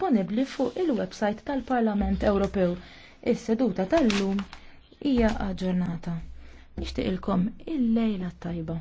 disponibbli fuq il-website tal-Parlament Ewropew. Is-seduta tal-lum hija aġġornata. ilkom il-lejla tajba.